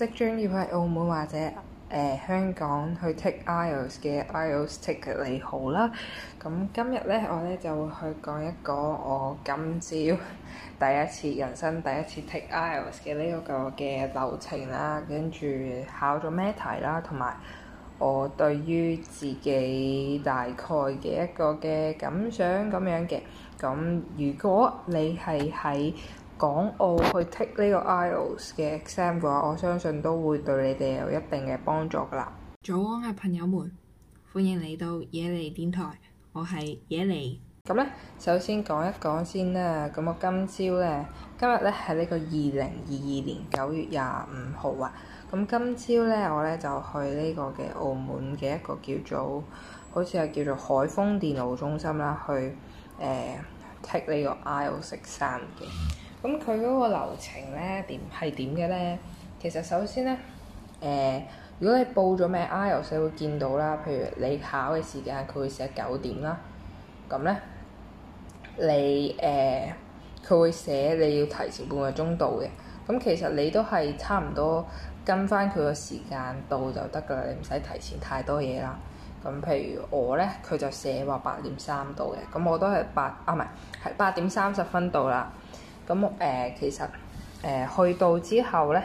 即將要喺澳門或者誒、呃、香港去 take IELTS 嘅 IELTS taker 你好啦，咁今日咧我咧就去講一個我今朝第一次人生第一次 take IELTS 嘅呢個嘅流程啦，跟住考咗咩題啦，同埋我對於自己大概嘅一個嘅感想咁樣嘅，咁如果你係喺港澳去 take 呢個 IELTS 嘅 exam 嘅話，我相信都會對你哋有一定嘅幫助噶啦。早安啊朋友們，歡迎嚟到野尼電台，我係野尼。咁咧，首先講一講先啦。咁我今朝咧，今日咧喺呢個二零二二年九月廿五號啊。咁今朝咧，我咧就去呢個嘅澳門嘅一個叫做，好似係叫做凱風電腦中心啦，去誒、呃、take 呢個 IELTS exam 嘅。咁佢嗰個流程咧點係點嘅咧？其實首先咧，誒、呃，如果你報咗咩 IELTS 會見到啦。譬如你考嘅時間，佢會寫九點啦。咁咧，你誒佢、呃、會寫你要提前半個鐘到嘅。咁其實你都係差唔多跟翻佢個時間到就得㗎啦。你唔使提前太多嘢啦。咁譬如我咧，佢就寫話八點三到嘅，咁我都係八啊，唔係係八點三十分到啦。咁誒、呃，其實誒、呃、去到之後咧，誒、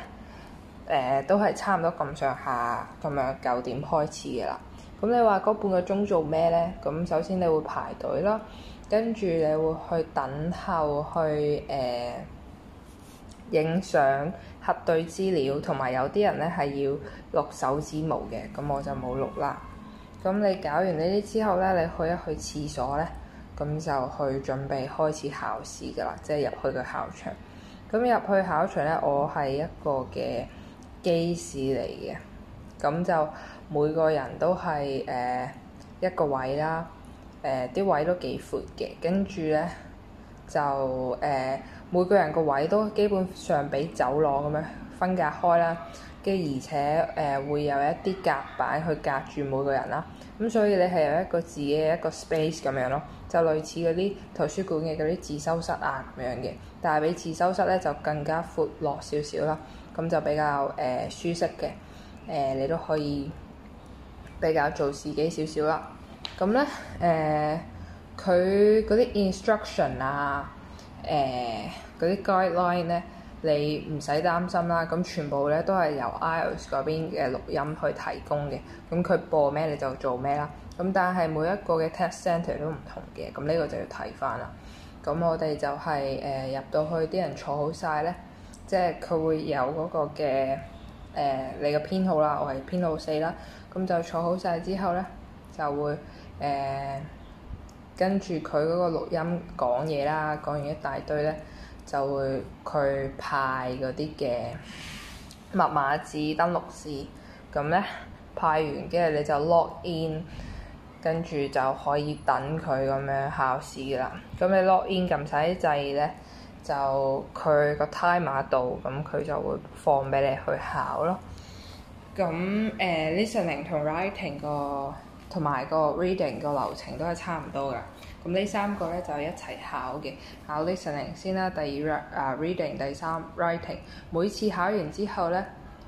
呃、都係差唔多咁上下咁樣，九點開始嘅啦。咁你話嗰半個鐘做咩咧？咁首先你會排隊啦，跟住你會去等候去誒影相、核對資料，同埋有啲人咧係要錄手指模嘅，咁我就冇錄啦。咁你搞完呢啲之後咧，你去一去廁所咧？咁就去準備開始考試噶啦，即係入去個考場。咁入去考場咧，我係一個嘅機試嚟嘅，咁就每個人都係誒、呃、一個位啦，誒、呃、啲位都幾闊嘅，跟住咧就誒、呃、每個人個位都基本上俾走廊咁樣分隔開啦。而且誒、呃、會有一啲隔板去隔住每個人啦，咁所以你係有一個自己嘅一個 space 咁樣咯，就類似嗰啲圖書館嘅嗰啲自修室啊咁樣嘅，但係比自修室咧就更加闊落少少啦，咁就比較誒、呃、舒適嘅，誒、呃、你都可以比較做自己少少啦，咁咧誒佢、呃、嗰啲 instruction 啊，誒嗰啲 guideline 咧。你唔使擔心啦，咁全部咧都係由 iOS 嗰邊嘅錄音去提供嘅，咁佢播咩你就做咩啦。咁但係每一個嘅 test centre 都唔同嘅，咁呢個就要睇翻啦。咁我哋就係誒入到去啲人坐好晒咧，即係佢會有嗰個嘅誒、呃、你嘅編號啦，我係編號四啦。咁就坐好晒之後咧，就會誒、呃、跟住佢嗰個錄音講嘢啦，講完一大堆咧。就會佢派嗰啲嘅密碼紙登錄試，咁咧派完，跟住你就 login，跟住就可以等佢咁樣考試啦。咁你 login 撳使制掣咧，就佢個 timer 度，咁佢就會放俾你去考咯。咁誒、uh, listening 同 writing 個同埋個 reading 個流程都係差唔多㗎。咁呢三個咧就一齊考嘅，考 listening 先啦，第二、uh, reading，第三 writing。每次考完之後咧，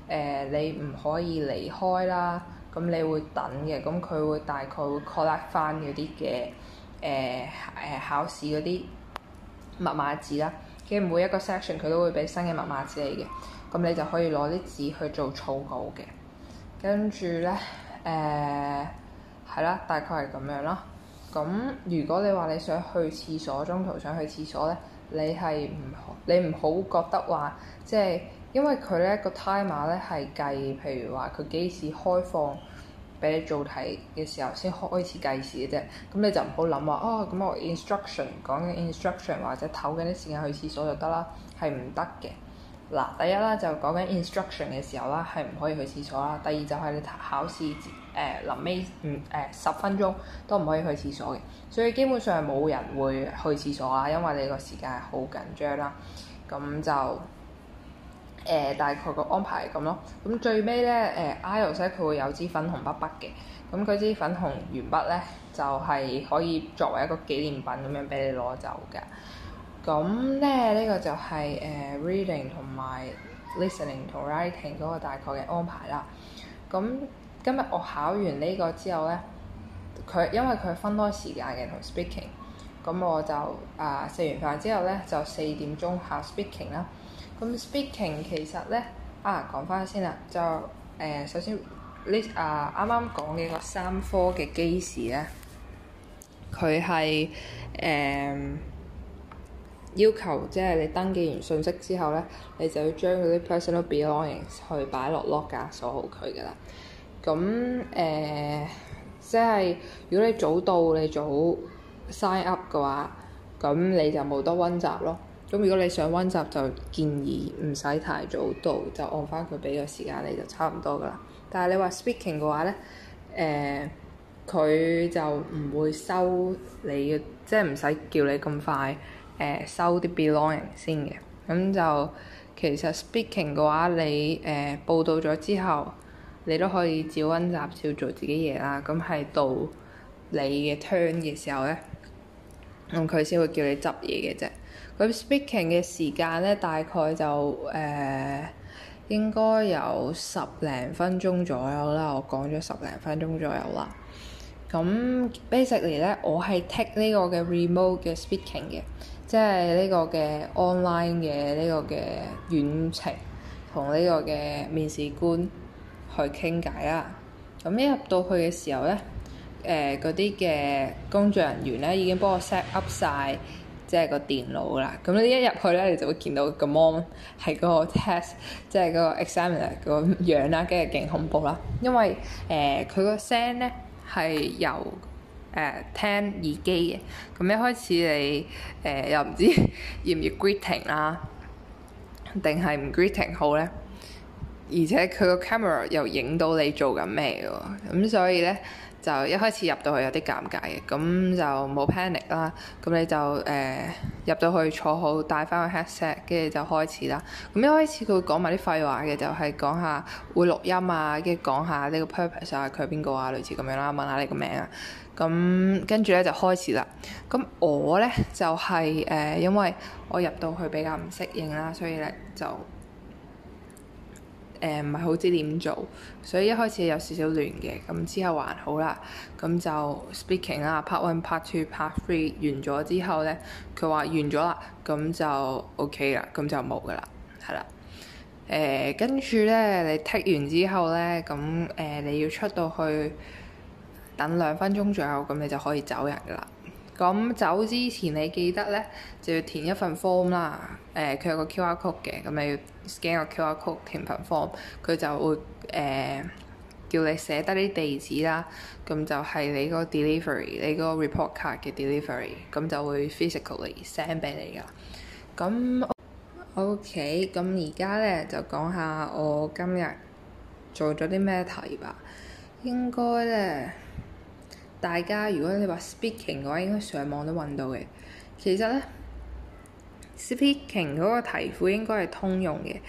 誒、呃、你唔可以離開啦，咁你會等嘅，咁佢會大概會 collect 翻嗰啲嘅誒、呃、誒考試嗰啲密碼紙啦。其實每一個 section 佢都會俾新嘅密碼紙嚟嘅，咁你就可以攞啲紙去做草稿嘅。跟住咧，誒係啦，大概係咁樣咯。咁如果你話你想去廁所，中途想去廁所咧，你係唔你唔好覺得話即係，因為佢咧、嗰個 timer 咧係計，譬如話佢幾時開放俾你做題嘅時候先開始計時嘅啫。咁你就唔好諗話哦，咁我 instruction 講緊 instruction 或者唞緊啲時間去廁所就得啦，係唔得嘅。嗱，第一啦就講緊 instruction 嘅時候啦，係唔可以去廁所啦。第二就係你考試誒臨尾唔誒十分鐘都唔可以去廁所嘅，所以基本上冇人會去廁所啦，因為你個時間係好緊張啦。咁就誒、呃、大概個安排係咁咯。咁最尾咧誒 IELTS 佢會有支粉紅筆筆嘅，咁佢支粉紅鉛筆咧就係、是、可以作為一個紀念品咁樣俾你攞走嘅。咁咧呢個就係誒 reading 同埋 listening 同 writing 嗰個大概嘅安排啦。咁今日我考完呢個之後咧，佢因為佢分開時間嘅同 speaking，咁我就啊食完飯之後咧就四點鐘考 speaking 啦。咁 speaking 其實咧啊講翻先啦，就誒、呃、首先你啊啱啱講嘅個三科嘅基時咧，佢係誒。呃要求即係你登記完信息之後咧，你就要將佢啲 personal belongings 去擺落 lock 架鎖好佢噶啦。咁誒、呃，即係如果你早到，你早 sign up 嘅話，咁你就冇得温習咯。咁如果你想温習就建議唔使太早到，就按翻佢俾個時間，你就差唔多噶啦。但係你 speaking 話 speaking 嘅話咧，誒、呃、佢就唔會收你嘅，即係唔使叫你咁快。誒收啲 belonging 先嘅，咁就其實 speaking 嘅話，你誒、呃、報到咗之後，你都可以照温習，照做自己嘢啦。咁係到你嘅 turn 嘅時候咧，咁佢先會叫你執嘢嘅啫。咁 speaking 嘅時間咧，大概就誒、呃、應該有十零分鐘左右啦。我講咗十零分鐘左右啦。咁 basically 咧，我係 take 呢個嘅 remote 嘅 speaking 嘅。即係呢個嘅 online 嘅呢個嘅遠程同呢個嘅面試官去傾偈啦。咁一入到去嘅時候咧，誒嗰啲嘅工作人員咧已經幫我 set up 晒，即係個電腦啦。咁你一入去咧，你就會見到個 mon 係個 test，即係個 examiner 個樣啦，跟住勁恐怖啦，因為誒佢個聲咧係由誒、啊、聽耳機嘅，咁一開始你誒、呃、又唔知 要唔要 greeting 啦，定係唔 greeting 好咧？而且佢個 camera 又影到你做緊咩喎？咁所以咧就一開始入到去有啲尷尬嘅，咁就冇 panic 啦。咁你就誒入到去坐好，戴翻個 headset，跟住就開始啦。咁一開始佢會講埋啲廢話嘅，就係、是、講下會錄音啊，跟住講下呢個 purpose 啊，佢係邊個啊，類似咁樣啦、啊，問下你個名啊。咁跟住咧就開始啦。咁、嗯、我咧就係、是、誒、呃，因為我入到去比較唔適應啦，所以咧就誒唔係好知點做，所以一開始有少少亂嘅。咁、嗯、之後還好啦，咁、嗯、就 speaking 啦，part one、part two、part three 完咗之後咧，佢話完咗啦，咁、嗯、就 OK 啦，咁、嗯、就冇噶啦，係啦。誒跟住咧，你剔完之後咧，咁、嗯、誒、嗯、你要出到去。等兩分鐘左右，咁你就可以走人噶啦。咁走之前，你記得咧就要填一份 form 啦、呃。誒，佢有個 Q R code 嘅，咁你要 scan 個 Q R code，填份 form，佢就會誒、呃、叫你寫得啲地址啦。咁就係你個 delivery，你個 report card 嘅 delivery，咁就會 physically send 俾你噶。咁 OK，咁而家咧就講下我今日做咗啲咩題吧。應該咧～大家如果你話 speaking 嘅話，應該上網都揾到嘅。其實呢 speaking 嗰個題庫應該係通用嘅。誒、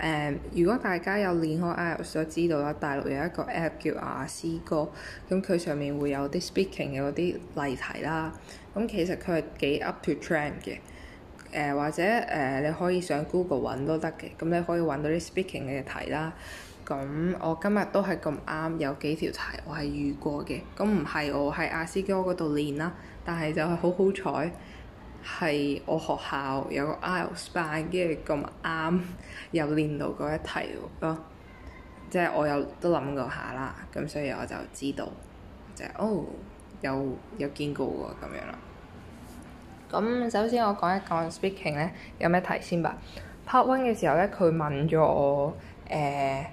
嗯，如果大家有練開 IELTS 所知道啦，大陸有一個 app 叫雅思哥，咁佢上面會有啲 speaking 嘅嗰啲例題啦。咁其實佢係幾 up to trend 嘅。誒、呃、或者誒、呃，你可以上 Google 揾都得嘅。咁你可以揾到啲 speaking 嘅題啦。咁我今日都係咁啱，有幾條題我係遇過嘅。咁唔係我喺雅思哥嗰度練啦，但係就係好好彩，係我學校有個 IELTS 班，跟住咁啱又練到嗰一題咯。即係我又都諗過下啦，咁所以我就知道就係、哦，有有見過喎咁樣啦。咁首先我講一講 speaking 咧，有咩題先吧。Part one 嘅時候咧，佢問咗我誒。欸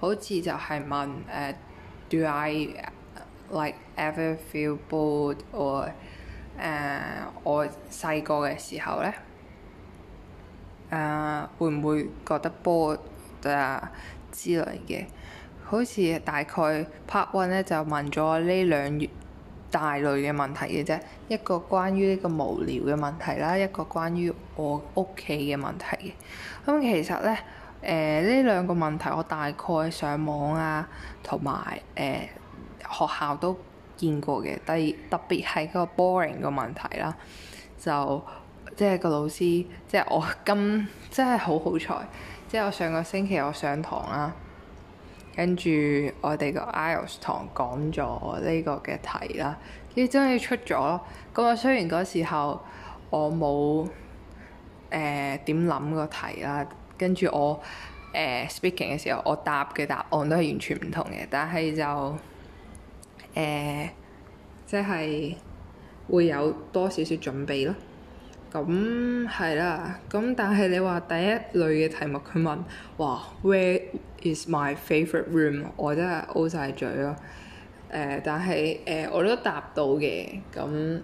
好似就係問誒、uh,，Do I like ever feel bored or 誒、uh,？我細個嘅時候咧，誒、uh, 會唔會覺得 bored 啊之類嘅？好似大概 part one 咧就問咗呢兩大類嘅問題嘅啫，一個關於呢個無聊嘅問題啦，一個關於我屋企嘅問題嘅。咁、嗯、其實咧。誒呢兩個問題，我大概上網啊，同埋誒學校都見過嘅。第特別係個 boring 個問題啦，就即係個老師，即係我今即係好好彩，即係我上個星期我上堂啦，跟住我哋個 IELTS 堂講咗呢個嘅題啦，跟住真係出咗。咁啊，雖然嗰時候我冇誒點諗個題啦。跟住我誒、呃、speaking 嘅時候，我答嘅答案都係完全唔同嘅，但係就誒、呃、即係會有多少少準備咯。咁係啦，咁、嗯、但係你話第一類嘅題目佢問，哇，Where is my favourite room？我真係 O 晒嘴咯。誒、呃，但係誒、呃、我都答到嘅，咁、嗯、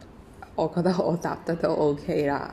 我覺得我答得都 OK 啦。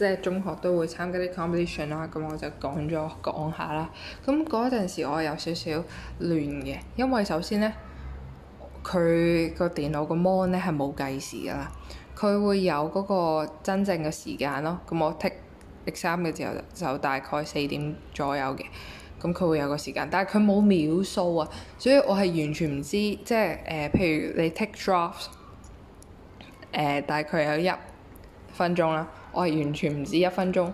即係中學都會參加啲 competition 啦，咁我就講咗講下啦。咁嗰陣時我有少少亂嘅，因為首先咧，佢個電腦個 mon 咧係冇計時噶啦，佢會有嗰個真正嘅時間咯。咁我 tick X 三嘅時候就大概四點左右嘅，咁佢會有個時間，但係佢冇秒數啊，所以我係完全唔知，即係誒、呃，譬如你 tick d r o p s 誒、呃、大概有一分鐘啦。我係完全唔知一分鐘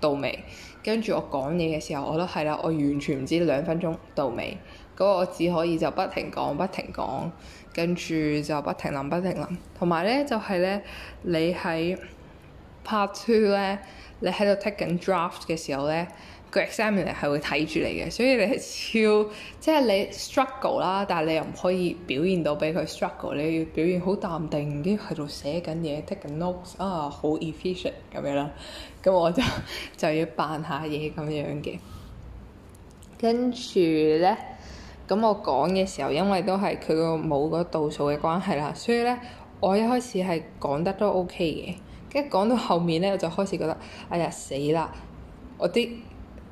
到未。跟住我講嘢嘅時候，我都係啦，我完全唔知兩分鐘到未，咁我只可以就不停講不停講，跟住就不停諗不停諗，同埋咧就係、是、咧，你喺 part two 咧，你喺度 take 緊 draft 嘅時候咧。examiner 係會睇住你嘅，所以你超即係你 struggle 啦，但係你又唔可以表現到俾佢 struggle，你要表現好淡定啲喺度寫緊嘢、take 緊 notes 啊，好 efficient 咁樣啦。咁我就 就要扮下嘢咁樣嘅。跟住咧，咁我講嘅時候，因為都係佢個冇個度數嘅關係啦，所以咧，我一開始係講得都 OK 嘅。跟住講到後面咧，我就開始覺得，哎呀死啦，我啲～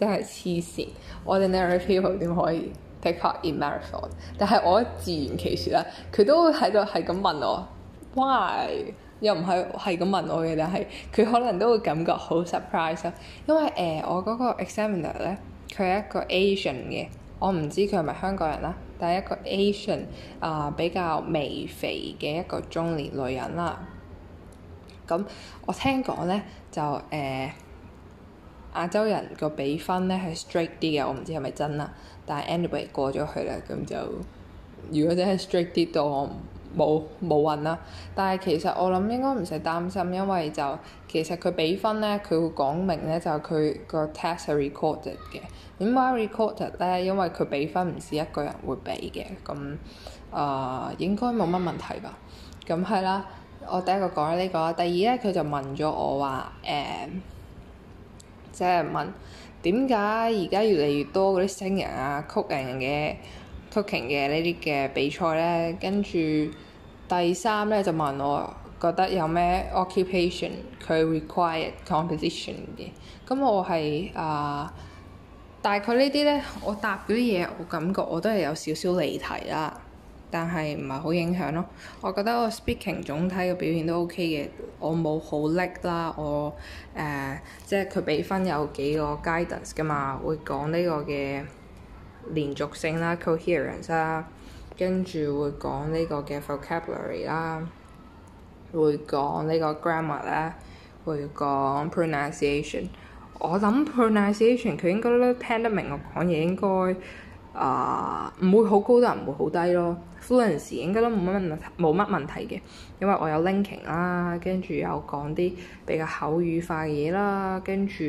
真係黐線，ordinary people 點可以 take part in marathon？但係我自圓其説啦，佢都會喺度係咁問我，why？又唔係係咁問我嘅，但係佢可能都會感覺好 surprise 因為誒、呃，我嗰個 examiner 咧，佢係一個 Asian 嘅，我唔知佢係咪香港人啦，但係一個 Asian 啊、呃，比較微肥嘅一個中年女人啦。咁、嗯、 我聽講咧就誒。呃亞洲人個比分咧係 strict 啲嘅，我唔知係咪真啦。但係 anyway 過咗去啦，咁就如果真係 strict 啲到我冇冇運啦。但係其實我諗應該唔使擔心，因為就其實佢比分咧佢會講明咧就係佢個 test 係 recorded 嘅。點解 recorded 咧？因為佢比分唔係一個人會比嘅，咁啊、呃、應該冇乜問題吧？咁係啦，我第一個講呢、這個，第二咧佢就問咗我話誒。嗯即係問點解而家越嚟越多嗰啲新人啊、Yeah. 曲人嘅 cooking 嘅呢啲嘅比賽咧？跟住第三咧就問我覺得有咩 occupation 佢 required composition 嘅？咁我係啊、呃、大概呢啲咧，我答嗰啲嘢，我感覺我都係有少少離題啦。但係唔係好影響咯。我覺得我 speaking 總體嘅表現都 OK 嘅，我冇好叻啦。我誒，即係佢俾分有幾個 guidance 㗎嘛，會講呢個嘅連續性啦、coherence 啦、啊，跟住會講呢個嘅 vocabulary 啦、啊，會講呢個 grammar 啦、啊，會講 pronunciation。我諗 pronunciation 佢應該都聽得明我講嘢，應該。啊，唔、uh, 會好高都唔會好低咯。fluency 應該都冇乜冇乜問題嘅，因為我有 linking 啦，跟住有講啲比較口語化嘅嘢啦，跟住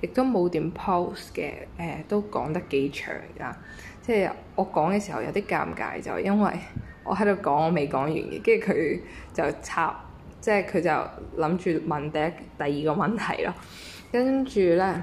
亦都冇點 post 嘅，誒都講得幾長㗎。即係我講嘅時候有啲尷尬，就因為我喺度講我未講完嘅，跟住佢就插，即係佢就諗、是、住問第一第二個問題咯，跟住咧。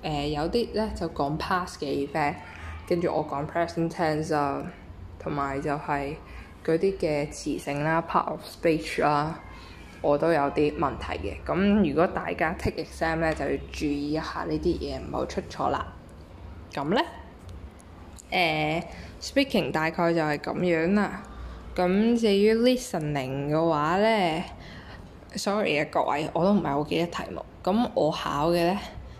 誒、呃、有啲咧就講 past 嘅 event，跟住我講 present tense 啊，同埋就係嗰啲嘅詞性啦、part of speech 啦、啊，我都有啲問題嘅。咁如果大家 take exam 咧，就要注意一下呢啲嘢唔好出錯啦。咁咧，誒、呃、speaking 大概就係咁樣啦。咁至於 listening 嘅話咧，sorry 啊各位，我都唔係好記得題目。咁我考嘅咧？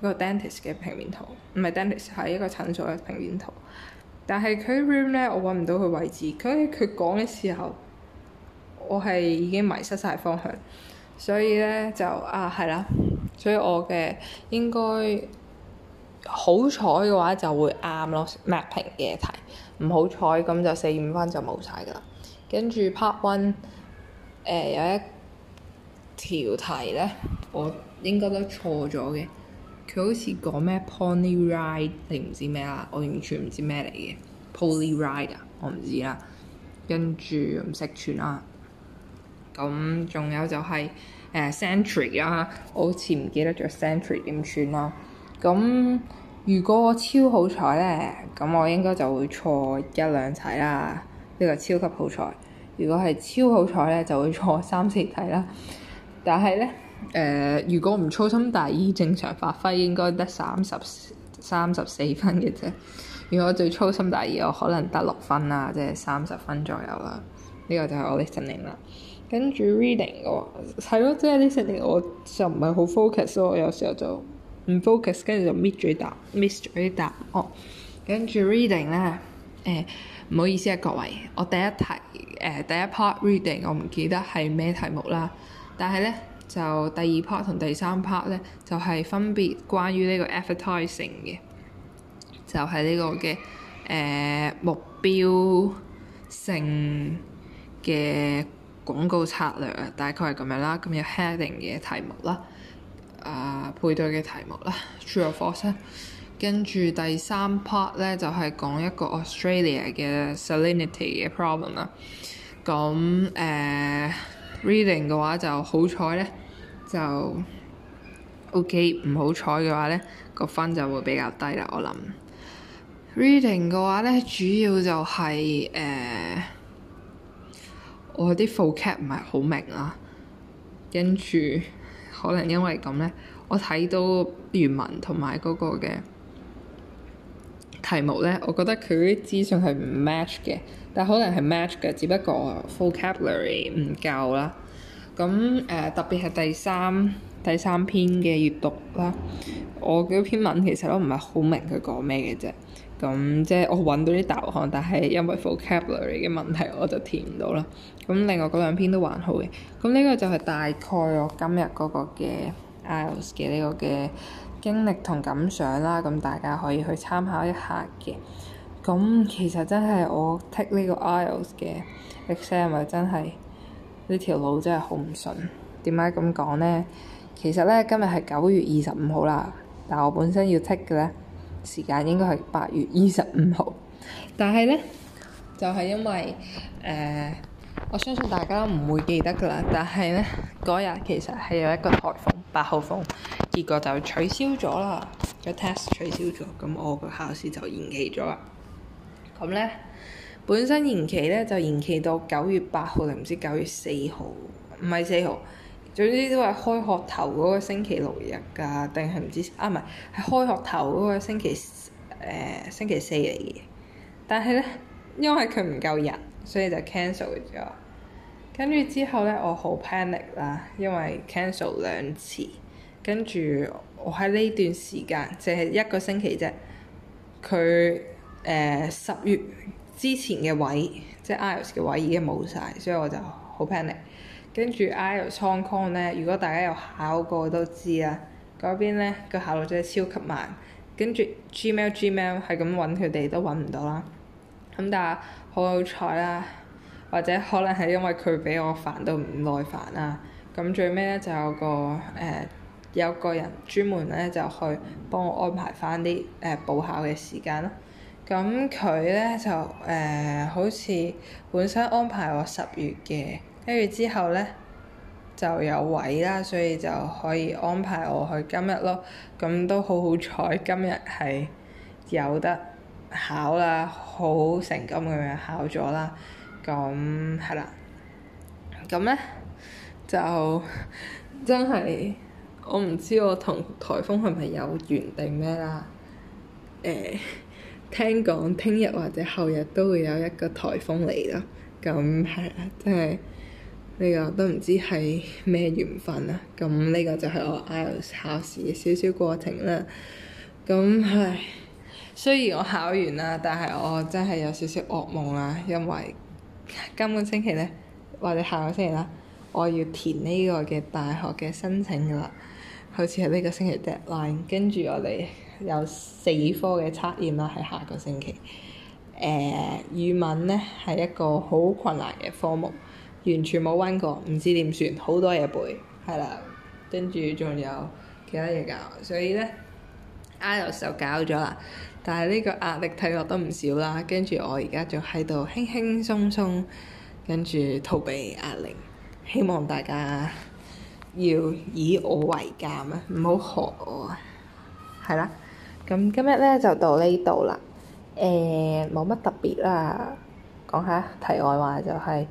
一個 dentist 嘅平面圖，唔係 dentist，係一個診所嘅平面圖。但係佢 room 咧，我揾唔到佢位置。佢佢講嘅時候，我係已經迷失晒方向，所以咧就啊係啦。所以我嘅應該好彩嘅話就會啱咯，mapping 嘅題唔好彩咁就四五分就冇晒噶啦。跟住 part one 誒、呃、有一條題咧，我應該都錯咗嘅。佢好似講咩 pony ride 定唔知咩啦，我完全唔知咩嚟嘅 pony ride 啊，我唔知啦，跟住唔識串啦。咁仲有就係誒 century 啊，我好似唔記得咗 century 點串啦。咁如果我超好彩咧，咁我應該就會錯一兩題啦，呢個超級好彩。如果係超好彩咧，就會錯三四題啦。但係咧。呃、如果唔粗心大意，正常發揮應該得三十三十四分嘅啫。如果最粗心大意，我可能得六分啦，即係三十分左右啦。呢、這個就係我 listening 啦。跟住 reading 嘅話，係咯，即係 listening 我就唔係好 focus 咯。我有時候就唔 focus，跟住就 miss 咗啲答，miss 咗啲答。哦，跟住 reading 咧、呃，誒唔好意思啊各位，我第一題誒、呃、第一 part reading 我唔記得係咩題目啦，但係咧。就第二 part 同第三 part 咧，就係、是、分別關於呢個 advertising 嘅，就係、是、呢個嘅誒、呃、目標性嘅廣告策略啊，大概係咁樣啦。咁、嗯、有 heading 嘅題目啦，啊、呃、配對嘅題目啦，true or false 啦。跟住、啊、第三 part 咧，就係、是、講一個 Australia 嘅 salinity 嘅 problem 啦、啊。咁、嗯、誒。呃 Reading 嘅話就好彩咧，就 OK；唔好彩嘅話咧，個分就會比較低啦。我諗 Reading 嘅話咧，主要就係、是、誒、呃，我啲 vocab 唔係好明啦，跟住可能因為咁咧，我睇到原文同埋嗰個嘅題目咧，我覺得佢啲資訊係唔 match 嘅。但可能係 match 嘅，只不過 vocabulary 唔夠啦。咁誒、呃、特別係第三第三篇嘅閱讀啦，我嗰篇文其實都唔係好明佢講咩嘅啫。咁即係我揾到啲答案，但係因為 vocabulary 嘅問題，我就填唔到啦。咁另外嗰兩篇都還好嘅。咁呢個就係大概我今日嗰個嘅 IELTS 嘅呢個嘅經歷同感想啦。咁大家可以去參考一下嘅。咁其實真係我 take 呢個 IELTS 嘅 exam，是是真係呢條路真係好唔順。點解咁講呢？其實咧今日係九月二十五號啦，但係我本身要 take 嘅咧時間應該係八月二十五號，但係咧就係、是、因為誒、呃、我相信大家唔會記得㗎啦。但係咧嗰日其實係有一個台風八號風，結果就取消咗啦，個 test 取消咗，咁我個考試就延期咗啦。咁咧、嗯，本身延期咧就延期到九月八號定唔知九月四號，唔係四號。總之都係開學頭嗰個星期六日㗎，定係唔知啊？唔係係開學頭嗰個星期誒、呃、星期四嚟嘅。但係咧，因為佢唔夠人，所以就 cancel 咗。跟住之後咧，我好 panic 啦，因為 cancel 兩次。跟住我喺呢段時間，淨係一個星期啫，佢。誒十、呃、月之前嘅位，即係 IELTS 嘅位已經冇晒，所以我就好 panic。跟住 IELTS Hong Kong 咧，如果大家有考過都知啊，嗰邊咧，個考路真係超級慢。跟住 Gmail Gmail 係咁揾佢哋都揾唔到啦。咁、嗯、但係好好彩啦，或者可能係因為佢俾我煩到唔耐煩啦。咁最尾咧就有個誒、呃、有個人專門咧就去幫我安排翻啲誒補考嘅時間啦。咁佢咧就誒、呃，好似本身安排我十月嘅，跟住之後咧就有位啦，所以就可以安排我去今日咯。咁都好好彩，今日係有得考啦，好成功咁樣考咗啦。咁係啦，咁咧就真係我唔知我同颱風係咪有緣定咩啦，誒、呃、～聽講聽日或者後日都會有一個颱風嚟咯，咁係啦，真係呢個都唔知係咩緣分啊。咁呢個就係我 IELTS 考試嘅少少過程啦。咁唉，雖然我考完啦，但係我真係有少少噩夢啦，因為今個星期咧或者下個星期啦，我要填呢個嘅大學嘅申請噶啦，好似係呢個星期 deadline，跟住我哋。有四科嘅測驗啦，喺下個星期。誒、呃，語文呢係一個好困難嘅科目，完全冇溫過，唔知點算，好多嘢背，係啦。跟住仲有其他嘢教，所以呢 IELTS 就搞咗啦。但係呢個壓力睇落都唔少啦。跟住我而家就喺度輕輕鬆鬆，跟住逃避壓力。希望大家要以我為鑑啊！唔好學我，係啦。咁、嗯、今日咧就到呢度啦，誒冇乜特別啦。講下題外話就係、是，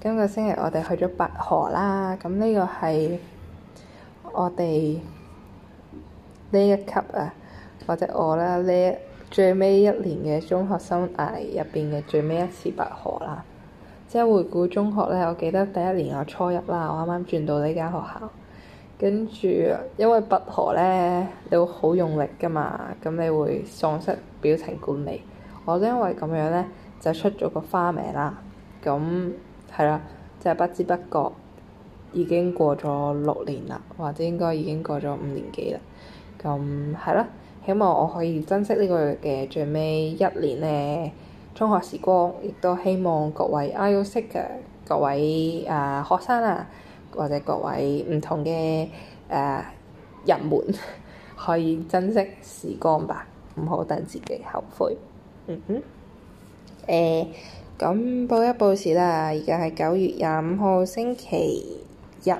今個星期我哋去咗拔河啦。咁、嗯、呢、這個係我哋呢一級啊，或者我啦呢最尾一年嘅中學生涯入邊嘅最尾一次拔河啦。即係回顧中學咧，我記得第一年我初一啦，我啱啱轉到呢間學校。跟住，因為拔河咧，你會好用力噶嘛，咁你會喪失表情管理。我因為咁樣咧，就出咗個花名啦。咁係啦，即係、就是、不知不覺已經過咗六年啦，或者應該已經過咗五年幾啦。咁係啦，希望我可以珍惜呢個嘅最尾一年咧，中學時光。亦都希望各位 i u c 嘅各位誒、呃、學生啊！或者各位唔同嘅誒、uh, 人們，可以珍惜時光吧，唔好等自己後悔。嗯、mm、哼，誒、hmm. uh,，咁報一報時啦，而家係九月廿五號星期日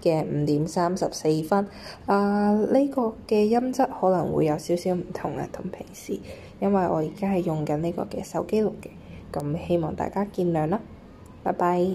嘅五點三十四分。啊，呢個嘅音質可能會有少少唔同啊，同平時，因為我而家係用緊呢個嘅手機錄嘅，咁希望大家見諒啦，拜拜。